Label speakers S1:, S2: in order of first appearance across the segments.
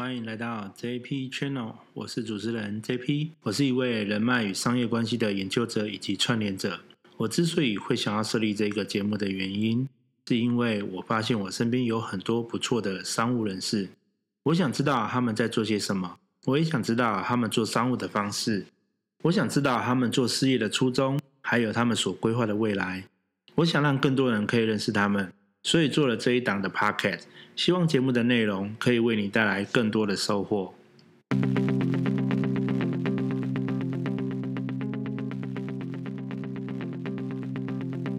S1: 歡迎來到 JP Channel，我是主持人 JP。我是一位人脈與商業關係的研究者以及串聯者。我之所以會想要設立這個節目的原因，是因為我發現我身邊有很多不錯的商務人士。我想知道他們在做些什麼，我也想知道他們做商務的方式，我想知道他們做事業的初衷，還有他們所規劃的未來。我想讓更多人可以認識他們。所以做了這一檔的 podcast，希望節目的內容可以為你帶來更多的收穫。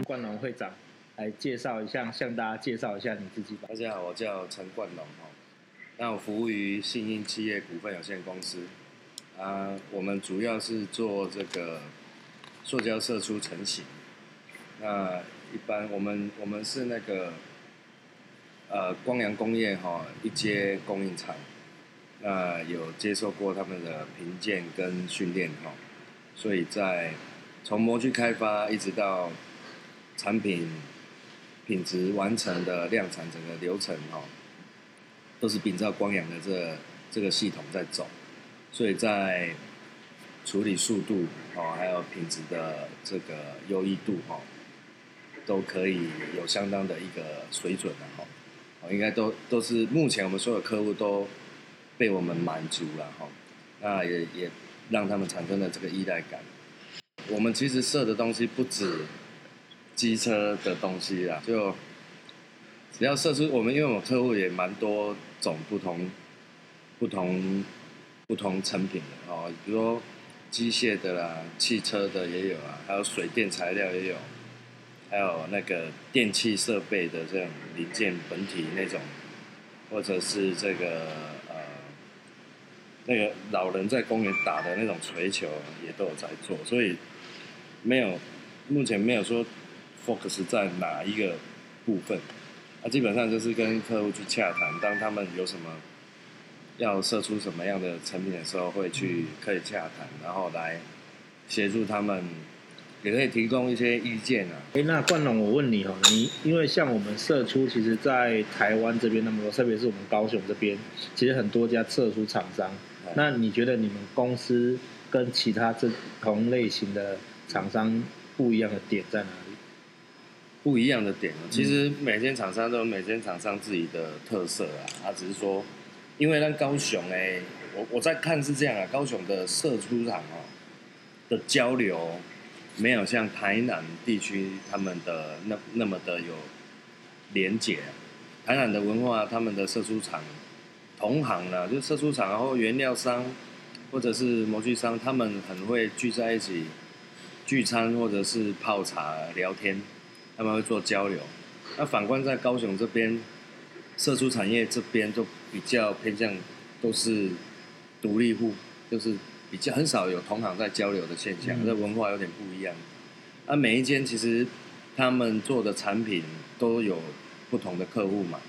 S1: 冠龍會長，來介紹一下，向大家介紹一下你自己吧。大家好，我叫陳冠龍，那我服務於信映企業股份有限公司啊、呃，我們主要是做這個塑膠射出成型。呃一般我們我們是那個，呃，光陽工業哈、哦、一階供應廠，那有接受過他們的評鑑跟訓練哈、哦，所以在從模具開發一直到產品品質完成的量產整個流程哈、哦，都是秉照光陽的這個、這個系統在走，所以在處理速度哦，還有品質的這個優異度哈、哦，都可以有相當的一個水準了、啊、應該都都是目前我們所有客戶都被我們滿足了、啊、那也也讓他們產生了這個依賴感。我們其實射的東西不止機車的東西啦，就只要射出我們，因為我們客戶也蠻多種不同不同不同成品的、哦、比如機械的啦、汽車的也有啊，還有水電材料也有。還有那個電器設備的這種零件本體那種，或者是這個呃，那個老人在公園打的那種槌球，也都有在做，所以沒有目前沒有說 focus 在哪一個部分，啊，那基本上就是跟客戶去洽談，當他們有什麼要射出什麼樣的成品的時候，會去可以洽談，然後來協助他們。也可以提供一些意見啊。欸、那冠龍，我問你哦、喔，你因為像我們射出，其實在台灣這邊那麼多，特別是我們高雄這邊，其實很多家射出廠商。嗯、那你覺得你們公司跟其他這同類型的廠商不一樣的點在哪裡？不一樣的點，其實每間廠商都有每間廠商自己的特色啊。他、啊、只是說，因為那高雄哎、欸，我我在看是這樣啊，高雄的射出廠哦、喔、的交流。沒有像台南地區他們的那那麼的有連結、啊，台南的文化，他們的射出廠同行了、啊、就是射出廠，然後原料商或者是模具商，他們很會聚在一起聚餐或者是泡茶聊天，他們會做交流。那反觀在高雄這邊，射出產業這邊就比較偏向都是獨立戶，就是。比較很少有同行在交流的現象，這、嗯、文化有點不一樣。啊，每一間其實他們做的產品都有不同的客戶嘛。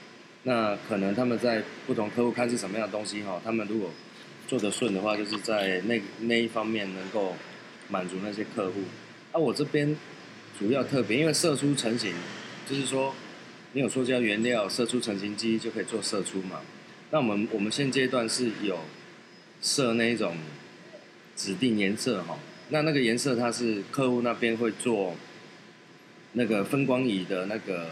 S1: 那可能他們在不同客戶看是什麼樣的東西哈，他們如果做得順的話，就是在那那一方面能夠滿足那些客戶。啊，我這邊主要特別因為射出成型，就是說你有塑膠原料，射出成型機就可以做射出嘛。那我們我們現階段是有設那一種。指定顏色哈，那那個顏色它是客戶那邊會做那個分光儀的那個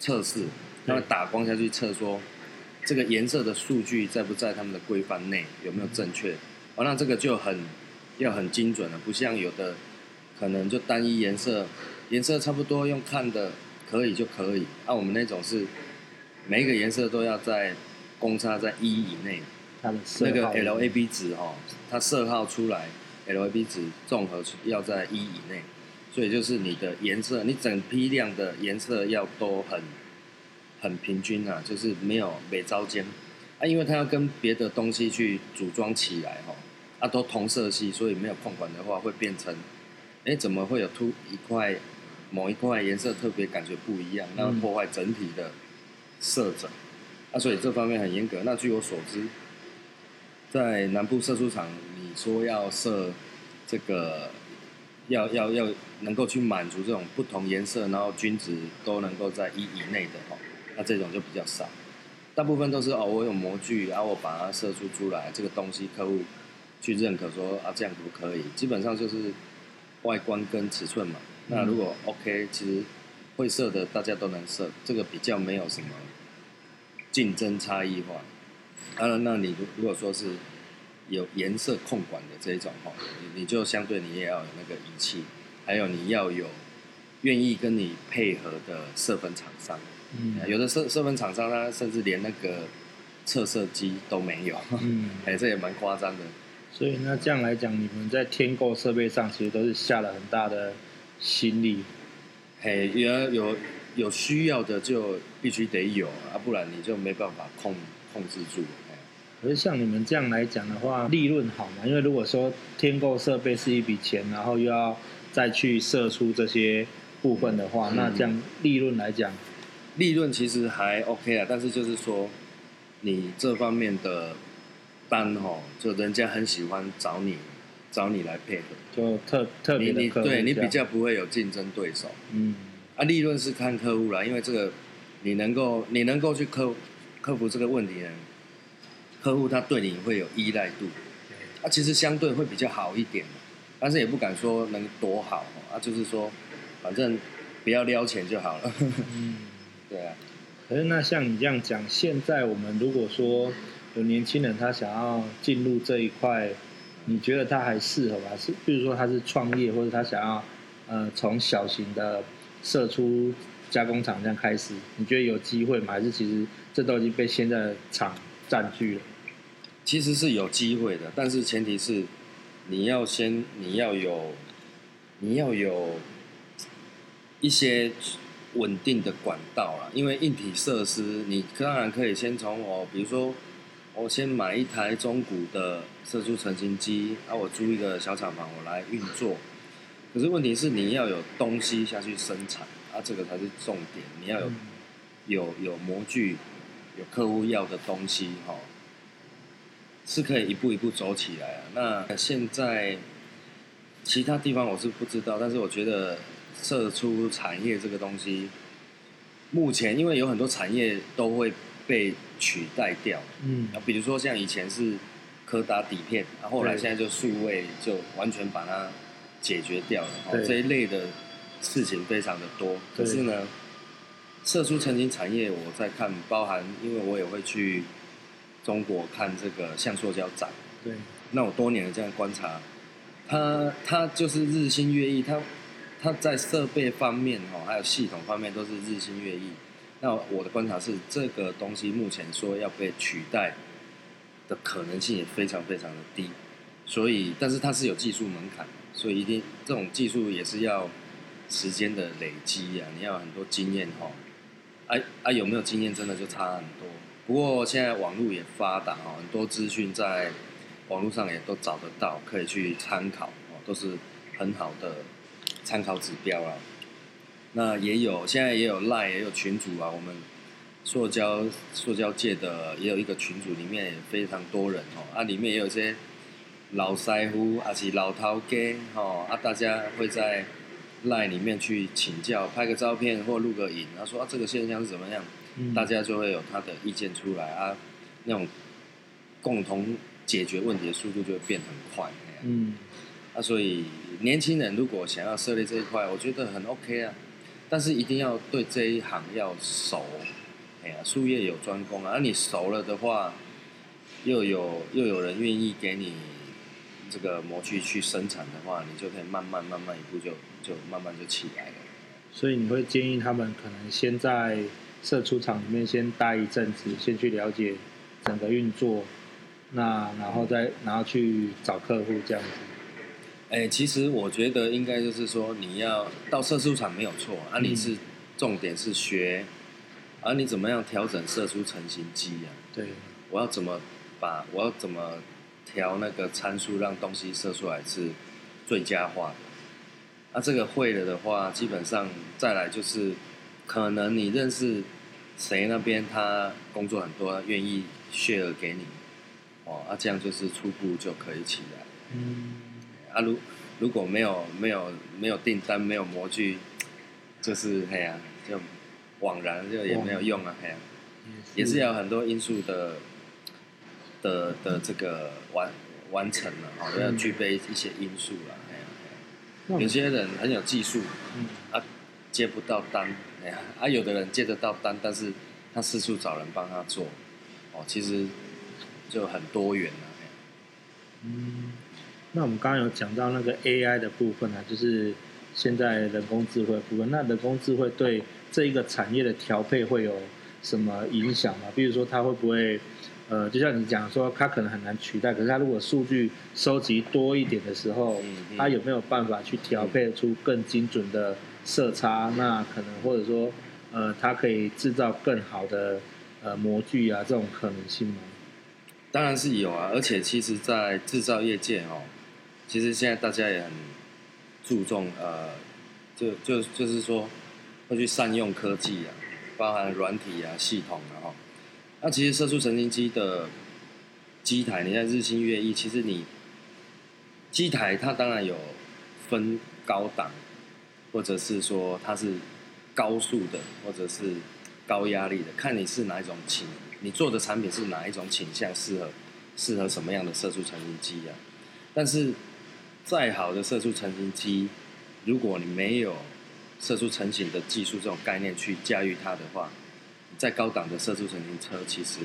S1: 測試，他們打光下去測說這個顏色的數據在不在他們的規範內，有沒有正確？嗯、哦，那這個就很要很精準了，不像有的可能就單一顏色，顏色差不多用看的可以就可以。啊，我們那種是每一個顏色都要在公差在一以內。他那個 L A B 值哈、喔，它色號出來，L A B 值綜合出要在一以內，所以就是你的顏色，你整批量的顏色要都很很平均啊，就是沒有每招間啊，因為它要跟別的東西去組裝起來哦、喔，啊都同色系，所以沒有控管的話會變成，誒、欸，怎麼會有凸一塊，某一塊顏色特別感覺不一樣，那破壞整體的色整，嗯、啊所以這方面很嚴格，那據我所知。在南部射出廠，你說要射這個要，要要要能夠去滿足這種不同顏色，然後均值都能夠在一以內的哦，那這種就比較少。大部分都是哦，我有模具，然後啊，然後我把它射出出來，這個東西客戶去認可說啊這樣不可以。基本上就是外觀跟尺寸嘛。嗯、那如果 OK，其實會射的大家都能射，這個比較沒有什麼競爭差異化。然、啊，那你如如果說是有顏色控管的這一種哦，你你就相對你也要有那個儀器，還有你要有願意跟你配合的色粉廠商。嗯，有的色色粉廠商他甚至連那個測色機都沒有，嗯，哎，這也蠻誇張的。所以那這樣來講，你們在添購設備上其實都是下了很大的心力。嘿，也要有有，有需要的就必須得有啊，不然你就沒辦法控。控制住，欸、可是像你們這樣來講的話，利潤好嘛？因為如果說添購設備是一筆錢，然後又要再去射出這些部分的話，嗯、那這樣利潤來講、嗯，利潤其實還 OK 啊。但是就是說，你這方面的單哦，就人家很喜歡找你，找你來配合，就特特別你，你對你比較不會有競爭對手，嗯，啊，利潤是看客戶啦，因為這個你能夠你能夠去客。客服這個問題呢，客戶他對你會有依賴度，啊、其實相對會比較好一點，但是也不敢說能多好啊，就是說，反正不要撩錢就好了。嗯、呵呵對啊。可是那像你這樣講，現在我們如果說有年輕人他想要進入這一塊，你覺得他還適合嗎？是，比如說他是創業，或者他想要呃從小型的射出。加工廠這樣開始，你覺得有機會嗎？還是其實這都已經被現在的廠占據了？其實是有機會的，但是前提是你要先，你要有，你要有一些穩定的管道啊，因為硬體設施，你當然可以先從我、哦，比如說我先買一台中古的射出成型機，然、啊、後我租一個小廠房我來運作。可是問題是，你要有東西下去生產。啊、這個才是重點，你要有，嗯、有有模具，有客戶要的東西，哦。是可以一步一步走起來啊。那現在其他地方我是不知道，但是我覺得射出產業這個東西，目前因為有很多產業都會被取代掉，嗯，比如說像以前是柯達底片，然、啊、後後來現在就數位就完全把它解決掉了，對這一類的。事情非常的多，可是呢，射出成型產業，我在看，包含因為我也會去中國看這個橡塑膠展。對，對。那我多年的這樣觀察，它它就是日新月異，它它在設備方面哦，還有系統方面都是日新月異。那我的觀察是，這個東西目前說要被取代的可能性也非常非常的低。所以，但是它是有技術門檻，所以一定這種技術也是要。時間的累積呀、啊，你要很多經驗哦、啊。啊啊，有沒有經驗真的就差很多。不過現在網絡也發達哦、啊，很多資訊在網絡上也都找得到，可以去參考哦、啊，都是很好的參考指標啊。那也有，現在也有 Line 也有群組啊。我們塑膠塑膠界的也有一個群組，裡面也非常多人哦、啊。啊，裡面也有一些老師傅，也是老頭家哦。啊，大家會在。Line 裡面去請教，拍個照片或錄個影，他、啊、說：“啊，這個現象是怎麼樣？”嗯、大家就會有他的意見出來啊，那種共同解決問題的速度就會變很快。啊、嗯、啊，所以年輕人如果想要涉獵這一塊，我覺得很 OK 啊，但是一定要對這一行要熟。哎呀、啊，術業有專攻啊，啊你熟了的話，又有又有人願意給你這個模具去生產的話，你就可以慢慢慢慢一步就。就慢慢就起來了，所以你會建議他們可能先在射出廠裡面先待一陣子，先去了解整個運作，那然後再、嗯、然後去找客戶這樣子。哎、欸，其實我覺得應該就是說，你要到射出廠沒有錯、嗯、啊，你是重點是學，而、啊、你怎麼樣調整射出成型機啊？對，我要怎麼把我要怎麼調那個參數，讓東西射出來是最佳化的。啊，這個會了的話，基本上再來就是，可能你認識誰那邊他工作很多，他願意 share 給你，哦，啊這樣就是初步就可以起來。嗯。啊，如果如果沒有沒有沒有訂單，沒有模具，就是哎呀、啊，就枉然就也沒有用啊，哎呀哇，嘿啊、也是要很多因素的、嗯、的的這個完完成了、啊、哦，嗯、要具備一些因素啦、啊。有些人很有技術，嗯、啊，他接不到單，哎呀，啊，有的人接得到單，但是他四處找人幫他做，哦，其實就很多元啊。哎、嗯，那我們剛剛有講到那個 AI 的部分呢、啊，就是現在人工智慧的部分，那人工智慧對這一個產業的調配會有什麼影響嗎？比如說，它會不會？呃，就像你講說，它可能很難取代，可是它如果數據收集多一點的時候，嗯嗯、它有沒有辦法去調配出更精準的色差？嗯、那可能或者說，呃，它可以製造更好的呃模具啊，這種可能性嗎？當然是有啊，而且其實在製造業界哦，其實現在大家也很注重呃，就就就是說會去善用科技啊，包含軟體啊、系統啊哈。那、啊、其實射出成型機的機台，你在日新月異。其實你機台它當然有分高檔，或者是說它是高速的，或者是高壓力的，看你是哪一種傾，你做的產品是哪一種傾向，適合適合什麼樣的射出成型機啊，但是再好的射出成型機，如果你沒有射出成型的技術這種概念去駕馭它的話，再高檔的射出成型車其實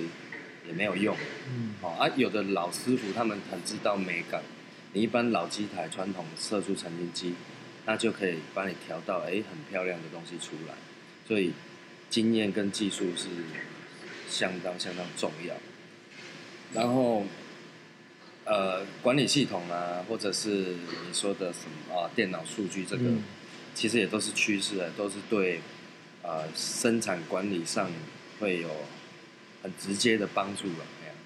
S1: 也沒有用，嗯，啊，啊，有的老師傅他們很知道美感，你一般老機台傳統的射出成型機，那就可以幫你調到哎，很漂亮的東西出來，所以經驗跟技術是相當相當重要，然後呃管理系統啊，或者是你說的什麼啊電腦數據這個，其實也都是趨勢、啊，都是對。呃，生產管理上會有很直接的幫助。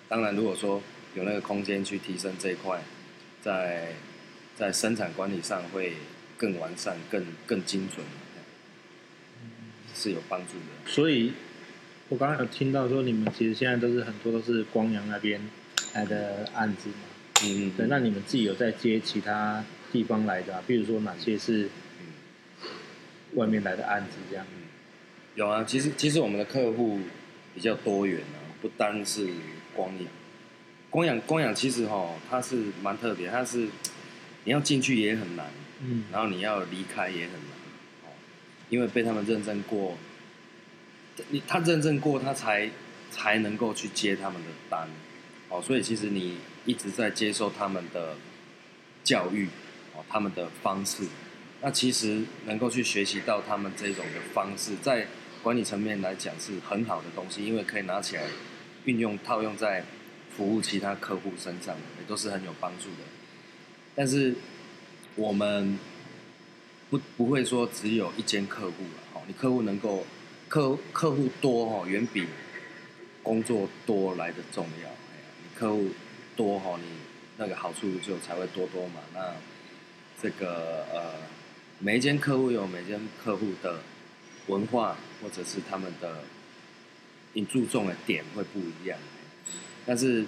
S1: 當然如果說有那個空間去提升這一塊，在在生產管理上會更完善、更更精準，是有幫助的。所以，我剛剛有聽到說，你們其實現在都是很多都是光陽那邊來的案子嘛。嗯嗯，嗯嗯。對，那你們自己有在接其他地方來的，比如說哪些是外面來的案子這樣？有啊，其實其實我們的客戶比較多元啊，不單是光陽，光陽光陽其實哦，它是蠻特別，它是你要進去也很難，嗯，然後你要離開也很難，哦，因為被他們認證過，他認證過，他才才能夠去接他們的單，哦，所以其實你一直在接受他們的教育，哦，他們的方式，那其實能夠去學習到他們這種的方式，在管理層面來講是很好的東西，因為可以拿起來運用套用，在服務其他客戶身上，也都是很有幫助的。但是我們不不會說只有一間客戶了哈，哦，你客戶能夠客客戶多，哦，遠比工作多來得重要，啊。你客戶多，哦，你那個好處就才會多多嘛。那這個呃，每一間客戶有每一間客戶的。文化或者是他們的你注重的點會不一樣，但是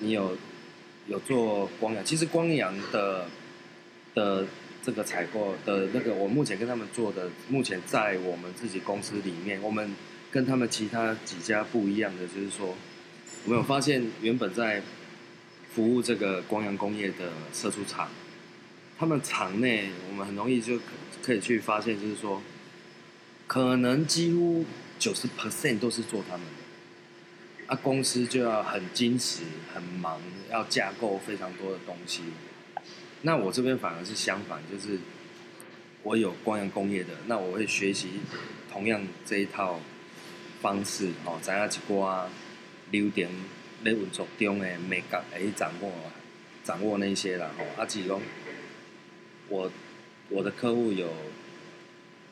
S1: 你有有做光陽，其實光陽的的這個採購的那個，我目前跟他們做的，目前在我們自己公司裡面，我們跟他們其他幾家不一樣的就是說，我們有發現原本在服務這個光陽工業的射出廠，他們廠內我們很容易就可以去發現就是說。可能幾乎九十 percent 都是做他們的，啊，公司就要很矜持，很忙，要架構非常多的東西。那我這邊反而是相反，就是我有光陽工業的，那我會學習同樣這一套方式哦，知影一掛流點，咧運作中的每個誒，掌握掌握那些啦，哦，啊，其中我我的客戶有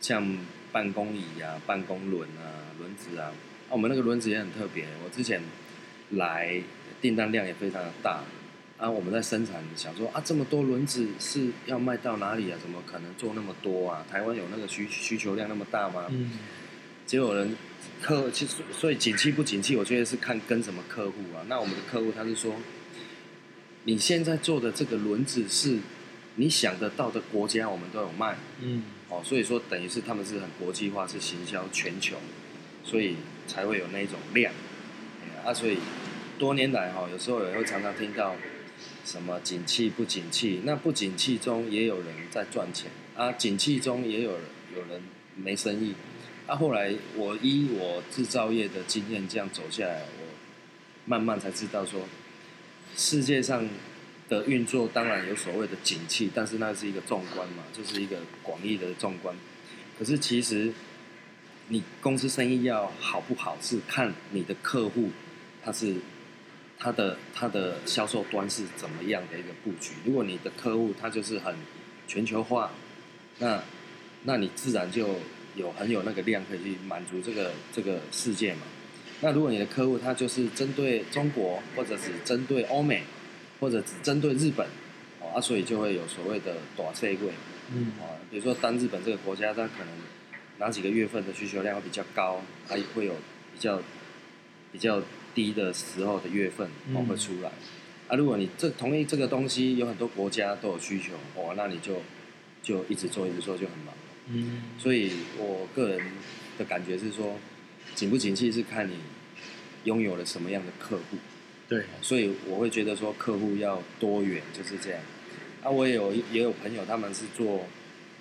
S1: 像。辦公椅啊，辦公輪啊，輪子啊，啊，我們那個輪子也很特別。我之前來，訂單量也非常的大。啊，我們在生產，想說啊，這麼多輪子是要賣到哪裡啊？怎麼可能做那麼多啊？台灣有那個需需求量那麼大嗎？嗯。結果人客，其實所以景氣不景氣，我覺得是看跟什麼客戶啊。那我們的客戶他是說，你現在做的這個輪子是，你想得到的國家我們都有賣。嗯。哦，所以說等於是他們是很國際化，是行銷全球，所以才會有那一種量。啊，所以多年來哈，有時候也會常常聽到什麼景氣不景氣，那不景氣中也有人在賺錢啊，景氣中也有人有人沒生意。啊，後來我依我制造業的經驗這樣走下來，我慢慢才知道說，世界上。的運作當然有所謂的景氣，但是那是一個縱觀嘛，就是一個廣義的縱觀。可是其實，你公司生意要好不好，是看你的客戶他是他的他的銷售端是怎麼樣的一個布局。如果你的客戶他就是很全球化，那那你自然就有很有那個量可以去滿足這個這個世界嘛。那如果你的客戶他就是針對中國或者是針對歐美。或者只針對日本，啊，所以就會有所謂的短費貴，嗯，啊，比如說當日本這個國家它可能哪幾個月份的需求量會比較高，它也會有比較比較低的時候的月份哦、啊，會出來，嗯、啊，如果你這同意這個東西有很多國家都有需求，哦，那你就就一直做一直做就很忙，嗯，所以我個人的感覺是說，景不景氣是看你擁有了什麼樣的客戶。對，所以我會覺得說客戶要多元就是這樣。啊，我也有也有朋友，他們是做，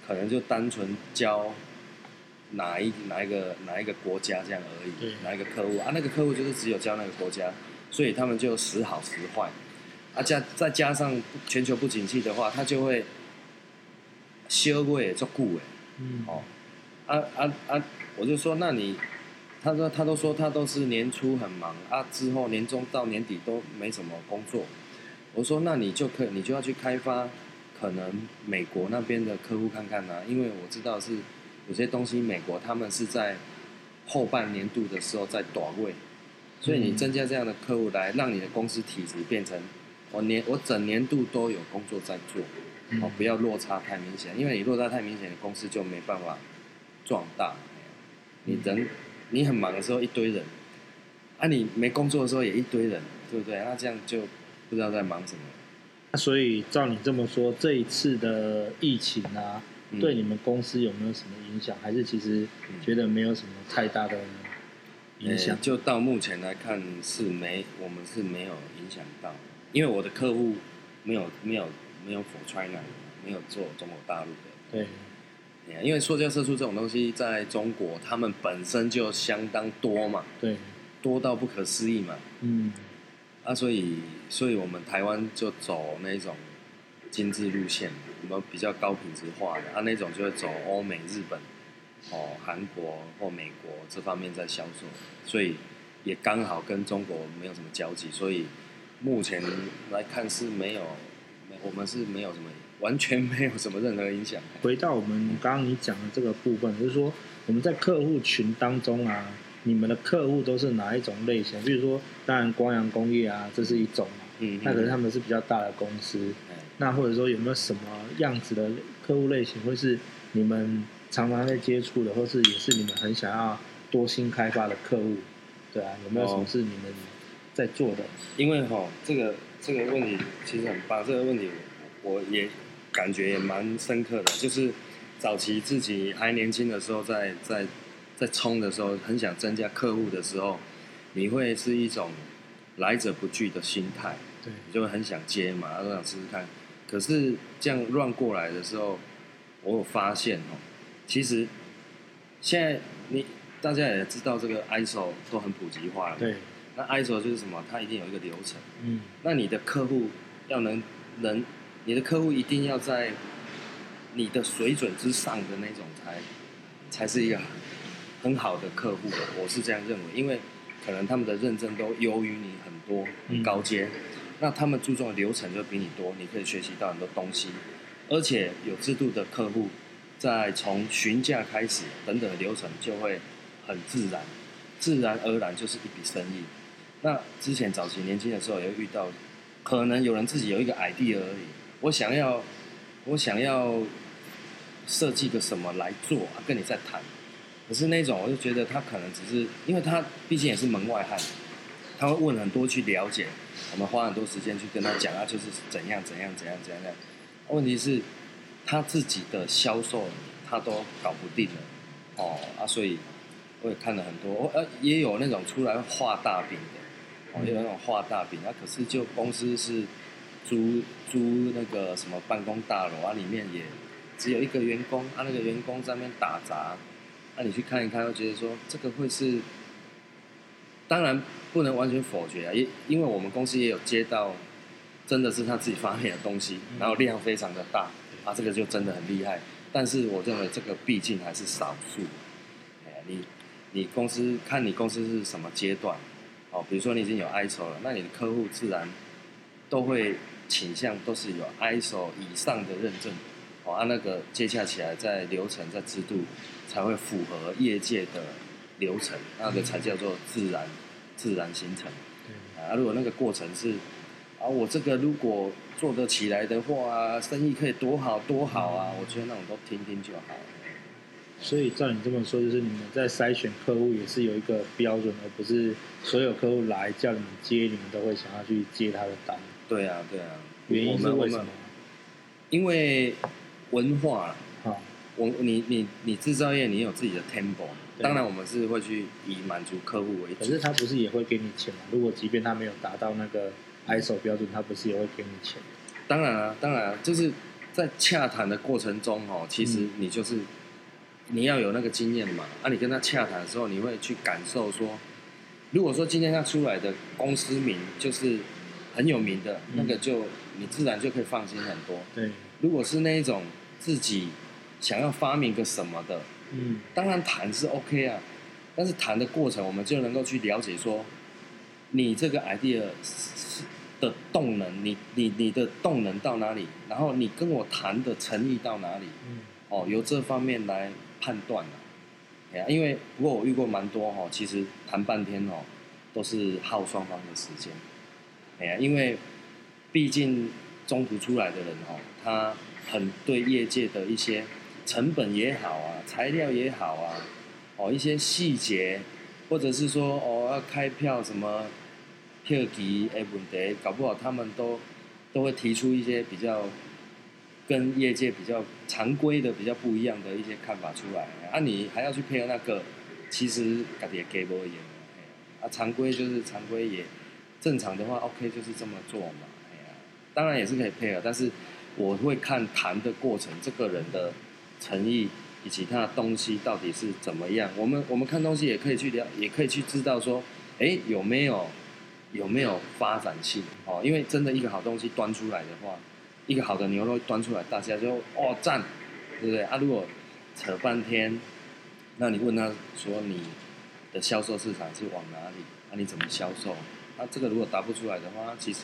S1: 可能就單純教，哪一哪一個哪一個國家這樣而已對，哪一個客戶啊，那個客戶就是只有教那個國家，所以他們就時好時壞，啊加，再加上全球不景氣的話，他就會，修過也做顧問嗯哦，啊啊啊，我就說那你。他說：“他都說他都是年初很忙啊，之後年終到年底都沒什麼工作。”我說：“那你就可以，你就要去開發可能美國那邊的客戶看看吶、啊，因為我知道是有些東西美國他們是在後半年度的時候在短位，嗯、所以你增加這樣的客戶來，讓你的公司體質變成我年我整年度都有工作在做，哦、嗯，不要落差太明顯，因為你落差太明顯的公司就沒辦法壯大，你人。嗯”你很忙的時候一堆人，啊，你沒工作的時候也一堆人，對不對？那這樣就不知道在忙什麼。那所以照你這麼說，這一次的疫情啊，嗯，對你們公司有沒有什麼影響？還是其實覺得沒有什麼太大的影響？嗯，
S2: 欸，就
S1: 到目前來看是沒，我們是沒有影響到，因為我的客戶沒有沒有沒有 for China 的沒有做中國大陸的。對。因為塑膠射出這種東西在中國，他們本身就相當多嘛，對，多到不可思議嘛，嗯，啊，所以，所以我們台灣就走那種精致路線，我們比較高品質化的，啊，那種就會走歐美、日本、哦韓國或美國這方面在銷售，所以也剛好跟中國沒有什麼交集，所以目前來看是沒有，我們是沒有什麼。完全沒有什麼任何影響。回到我們剛剛你講的這個部分，就是說我們在客戶群當中啊，你們的客戶都是哪一種類型？比如說，當然光陽工業啊，這是一種嗯。那可是能他們是比較大的公司。那或者說有沒有什麼樣子的客戶類型，會是你們常常在接觸的，或是也是你們很想要多新開發的客戶？對啊，有沒有什麼是你們在做的？哦、因為哈，這個這個問題其實很棒。這個問題我也。感覺也蠻深刻的，就是早期自己還年輕的時候在，在在在衝的時候，很想增加客戶的時候，你會是一種來者不拒的心態，對，你就會很想接嘛，都想試試看。可是這樣亂過來的時候，我有發現哦、喔，其實現在你大家也知道，這個 ISO 都很普及化了，對。那 ISO 就是什麼？它一定有一個流程，嗯。那你的客戶要能能。你的客戶一定要在你的水準之上的那種才才是一個很好的客戶的，我是這樣認為，因為可能他們的認證都優於你很多，很高階，那他們注重的流程就比你多，你可以學習到很多東西，而且有制度的客戶，在從詢價開始等等的流程就會很自然，自然而然就是一筆生意。那之前早期年輕的時候也會遇到，可能有人自己有一個 idea 而已。我想要，我想要設計個什麼來做，啊，跟你在談，可是那種我就覺得他可能只是，因為他畢竟也是門外漢，他會問很多去了解，我們花很多時間去跟他講啊，就是怎樣怎樣怎樣怎樣。問題是他自己的銷售他都搞不定了，哦啊，所以我也看了很多，呃也有那種出來畫大餅的，哦也有那種畫大餅，啊。可是就公司是。租租那個什麼辦公大樓啊，裡面也只有一個員工啊，那個員工在那邊打雜，那、啊、你去看一看，會覺得說這個會是，當然不能完全否決啊，因因為我們公司也有接到，真的是他自己發現的東西，嗯、然後量非常的大，啊，這個就真的很厲害，但是我認為這個畢竟還是少數，哎呀，你你公司看你公司是什麼階段？哦，比如說你已經有哀愁了，那你的客戶自然都會。傾向都是有 ISO 以上的認證，哦、喔，按、啊、那個接洽起來，在流程在制度才會符合業界的流程，那個才叫做自然、嗯、自然形成。嗯、啊，如果那個過程是，啊我這個如果做得起來的話、啊，生意可以多好多好啊，嗯、我覺得那種都聽聽就好了。所以照你這麼說，就是你們在篩選客戶也是有一個標準，而不是所有客戶來叫你們接，你們都會想要去接他的單。對啊，對啊，原因是為什麼？因為文化啊，哦、我你你你制造業，你有自己的 tempo、啊。當然，我們是會去以滿足客戶為主，可是他不是也會給你錢嗎？如果即便他沒有達到那個 ISO 標準，他不是也會給你錢？當然啊當然啊，就是在洽談的過程中哦，其實你就是你要有那個經驗嘛。啊，你跟他洽談的時候，你會去感受說，如果說今天他出來的公司名就是。很有名的，嗯、那個就，就你自然就可以放心很多。對，如果是那一種自己想要發明個什麼的，嗯，當然談是 OK 啊，但是談的過程，我們就能夠去了解說，你這個 idea 的動能，你你你的動能到哪裡，然後你跟我談的誠意到哪裡，嗯、哦，由這方面來判斷啊。哎呀、啊，因為不過我遇過蠻多哈、哦，其實談半天哦，都是耗雙方的時間。哎呀，因為畢竟中途出來的人哦、喔，他很對業界的一些成本也好啊，材料也好啊，哦、喔、一些細節，或者是說哦要、喔啊、開票什麼票級哎問題，搞不好他們都都會提出一些比較跟業界比較常規的、比較不一樣的一些看法出來啊，啊你還要去配合那個，其實家己也給不了、啊，啊常規就是常規也。正常的話，OK，就是這麼做嘛。哎呀，當然也是可以配合，但是我會看談的過程，這個人的誠意以及他的東西到底是怎麼樣。我們我們看東西也可以去聊，也可以去知道說，哎，有沒有有沒有發展性哦？因為真的一個好東西端出來的話，一個好的牛肉端出來，大家就哦讚，對不對啊？如果扯半天，那你問他說，你的銷售市場是往哪裡？那，啊，你怎麼銷售？那、啊、這個如果答不出來的話，其實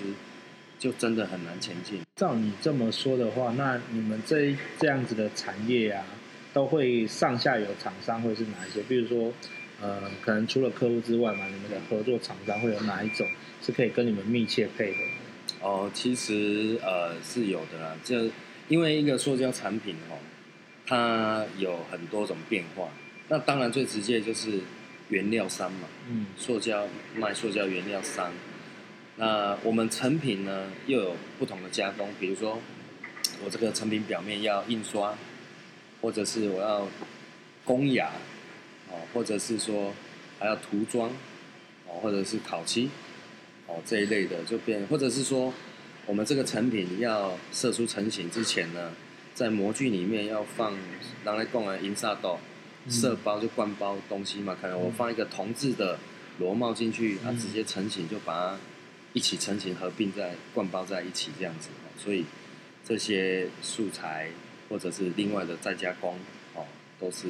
S1: 就真的很難前進。照你這麼說的話，那你們這這樣子的產業啊，都會上下游廠商會是哪一些？比如說、呃，可能除了客戶之外嘛，你們的合作廠商會有哪一種是可以跟你們密切配合的？哦，其實呃是有的啦，就因為一個塑膠產品、哦、它有很多種變化。那當然最直接就是。原料商嘛，嗯，塑膠賣塑膠原料商，那我們成品呢又有不同的加工，比如說我這個成品表面要印刷，或者是我要攻牙哦，或者是說還要塗裝，哦，或者是烤漆，哦，這一類的就變，或者是說我們這個成品要射出成型之前呢，在模具裡面要放，啷個供嘞？因啥豆。色包就灌包東西嘛，可能我放一個銅製的螺帽進去，它、嗯啊、直接成型，就把它一起成型合併在灌包在一起這樣子，所以這些素材或者是另外的再加工哦，都是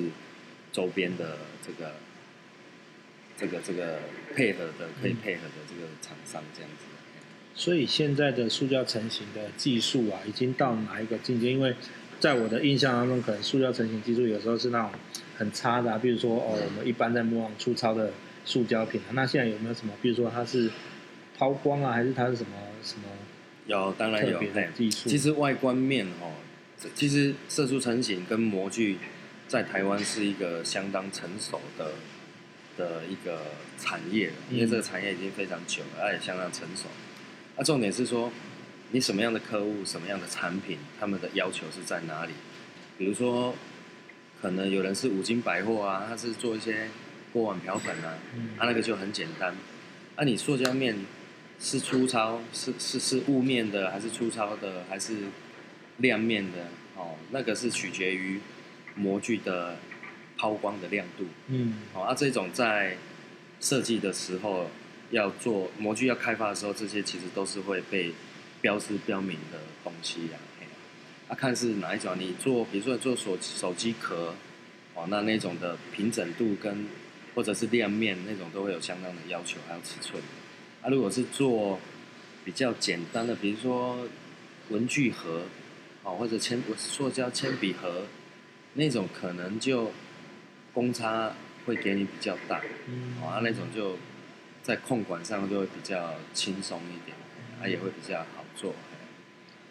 S1: 周邊的這個這個這個配合的可以配合的這個廠商這樣子、嗯。所以現在的塑膠成型的技術啊，已經到哪一個境界？因為在我的印象當中，可能塑膠成型技術有時候是那種。很差的、啊，比如說哦，我們一般在模仿粗糙的塑膠品啊。對 那現在有沒有什麼，比如說它是拋光啊，還是它是什麼什麼？有，當然有技術。其實外觀面哦、喔，對 其實射出成型跟模具在台灣是一個相當成熟的對 的一個產業、喔、因為這個產業已經非常久了，而且相當成熟了。那、啊、重點是說，你什麼樣的客戶，什麼樣的產品，他們的要求是在哪裡？比如說。可能有人是五金百貨啊，他是做一些鍋碗瓢盆啊，他、嗯啊、那個就很簡單。嗯、啊，你塑膠面是粗糙，是是是霧面的，還是粗糙的，還是亮面的？哦，那個是取決於模具的拋光的亮度。嗯，哦，啊，這種在設計的時候要做模具要開發的時候，這些其實都是會被標示標明的東西啊。啊，看是哪一種，你做，比如說做手手機殼，哦，那那種的平整度跟或者是亮面那種都會有相當的要求，還有尺寸。啊，如果是做比較簡單的，比如說文具盒，哦，或者鉛，我是說叫鉛筆盒，那種可能就公差會給你比較大，嗯、哦，啊、那種就在控管上就會比較輕鬆一點，啊，也會比較好做。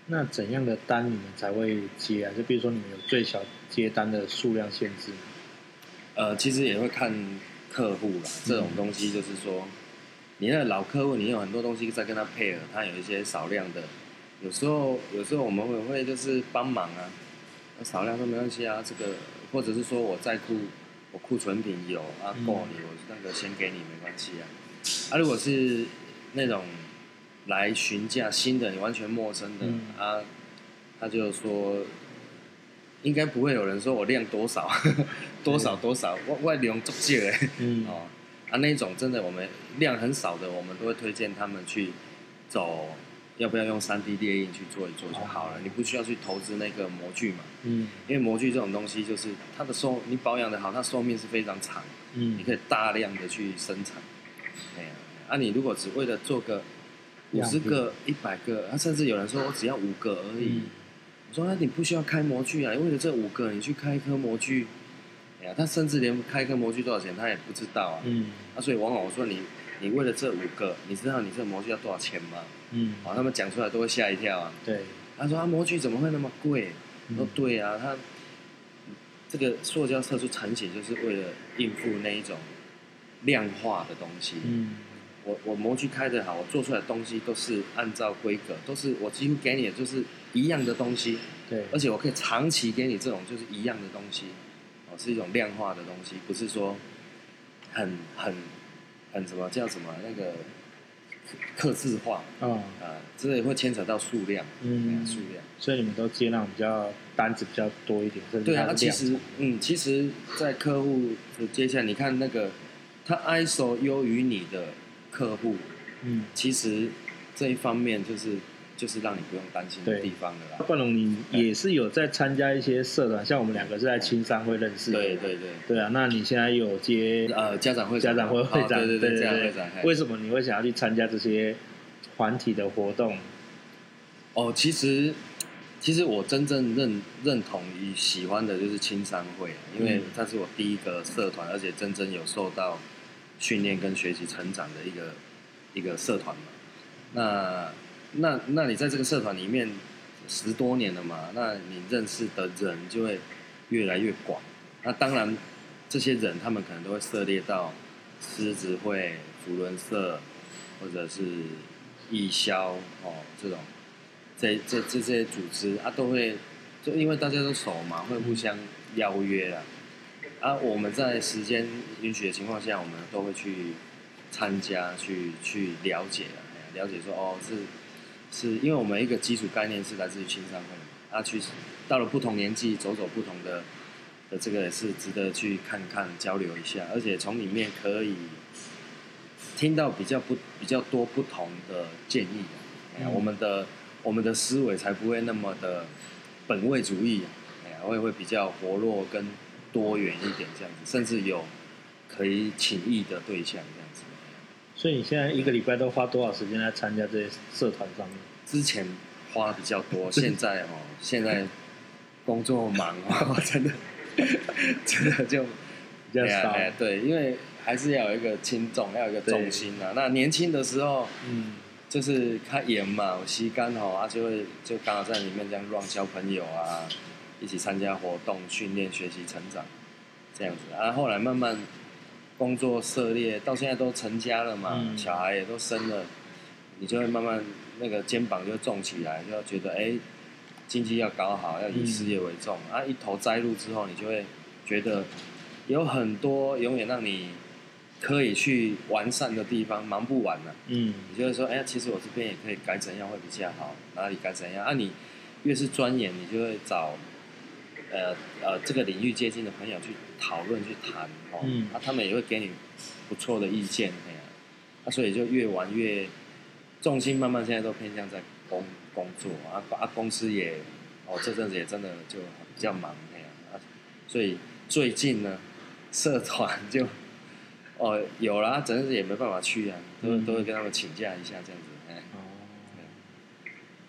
S1: 那怎樣的單你們才會接啊？就比如說你們有最小接單的數量限制嗎？呃，其實也會看客戶啦。這種東西就是說，嗯、你那老客戶，你有很多東西在跟他配合，他有一些少量的，有時候有時候我們會會就是幫忙啊，少量都沒關係啊，這個或者是說我在庫，我庫存品有啊，夠你，嗯、我那個先給你沒關係啊，啊，如果是那種。來詢價新的，你完全陌生的，嗯、啊，他就說，應該不會有人說我量多少，呵呵多少多少，外外流，中介。哎，嗯、哦，啊那一種真的，我們量很少的，我們都會推薦他們去走，要不要用 3D 列印去做一做就好了，哇你不需要去投資那個模具嘛，嗯，因為模具這種東西就是它的壽，你保養的好，它壽命是非常長，嗯，你可以大量的去生產，哎、嗯啊，啊你如果只為了做個。五十個、一百個，他、啊、甚至有人說我只要五個而已。嗯、我說、啊：“那你不需要開模具啊，為了這五個，你去開一顆模具。”哎呀，他甚至連開一顆模具多少錢他也不知道啊。嗯。啊、所以往往我說你，你為了這五個，你知道你這個模具要多少錢嗎？嗯。啊、他們講出來都會嚇一跳啊。對。他、啊、說：“啊，模具怎麼會那麼貴？”我說：“對啊，嗯、他這個塑膠射出產品就是為了應付那一種量化的東西。嗯”我我模具開得好，我做出來的東西都是按照規格，都是我幾乎給你的就是一樣的東西，對，而且我可以長期給你這種就是一樣的東西，哦，是一種量化的東西，不是說很很很什麼叫什麼那個客製化啊啊，這也會牽扯到數量，嗯，數量，所以你們都接那種比較單子比較多一點，對啊，那其實嗯，其實，在客戶的接下來你看那個他 ISO 優於你的。客戶，嗯，其實這一方面就是就是讓你不用擔心的地方的了啦。冠龍，你也是有在參加一些社團，對像我們兩個是在青商會認識的，對對對，對啊。那你現在有接呃家長會長、家長會會長，哦，對對對。為什麼你會想要去參加這些團體的活動？哦，其實其實我真正認認同與喜歡的就是青商會，因為它是我第一個社團，而且真正有受到。訓練跟學習成長的一個一個社團嘛，那那那你在這個社團裡面十多年了嘛，那你認識的人就會越來越廣，那當然這些人他們可能都會涉獵到獅子會、扶輪社或者是義消哦這種這這這，這些組織啊，都會就因為大家都熟嘛，會互相邀約啦。啊，我們在時間允許的情況下，我們都會去參加、去去了解了解說哦，是是因為我們一個基礎概念是來自於青商會啊，去到了不同年紀，走走不同的，的這個也是值得去看看、交流一下，而且從裡面可以聽到比較不比較多不同的建議，嗯啊、我們的我們的思維才不會那麼的本位主義，我、啊、也會，會比較活絡跟。多元一點這樣子，甚至有可以情誼的對象這樣子。所以你現在一個禮拜都花多少時間來參加這些社團上面？之前花比較多， 現在哦、喔，現在工作忙哦、喔， 真的 真的就
S2: 比較少、哎。
S1: 對，因為還是要有一個輕重，要有一個重心啊。對那年輕的時候，嗯，就是看演嘛，我戲剛好啊就，就會就剛好在裡面這樣亂交朋友啊。一起參加活動、訓練、學習、成長，這樣子啊。後來慢慢工作涉獵，到現在都成家了嘛，嗯、小孩也都生了，你就會慢慢那個肩膀就重起來，就要覺得哎、欸，經濟要搞好，要以事業為重、嗯、啊。一頭栽入之後，你就會覺得有很多永遠讓你可以去完善的地方，忙不完了、啊、嗯，你就會說哎、欸，其實我這邊也可以改怎樣會比較好，哪裡改怎樣啊？你越是鑽研，你就會找，呃呃，這個領域，接近的朋友去討論去談，哦，嗯、啊，他們也會給你不錯的意見，那樣、啊啊，所以就越玩越重心慢慢現在都偏向在工工作啊，啊公司也，哦這陣子也真的就比較忙那樣啊，啊，所以最近呢，社團就，哦有啦，整陣子也沒辦法去啊，嗯、都都會跟他們請假一下這樣子。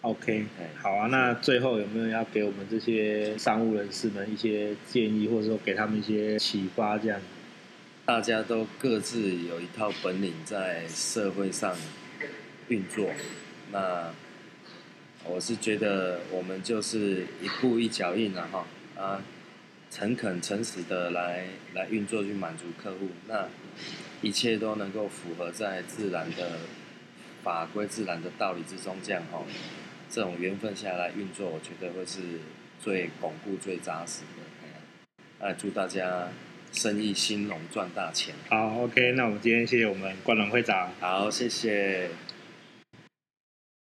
S1: OK，好啊。那最後有沒有要給我們這些商務人士們一些建議，或者說給他們一些啟發？這樣，大家都各自有一套本領在社會上運作。那我是覺得我們就是一步一腳印了哈啊，誠懇、誠實的來來運作，去滿足客戶。那一切都能夠符合在自然的法規、自然的道理之中，這樣哈。這種緣分下來運作，我覺得會是最鞏固、最紮實的。哎、嗯，祝大家生意興隆，賺大錢。好，OK，那我們今天謝謝我們冠龍會長。好，謝謝。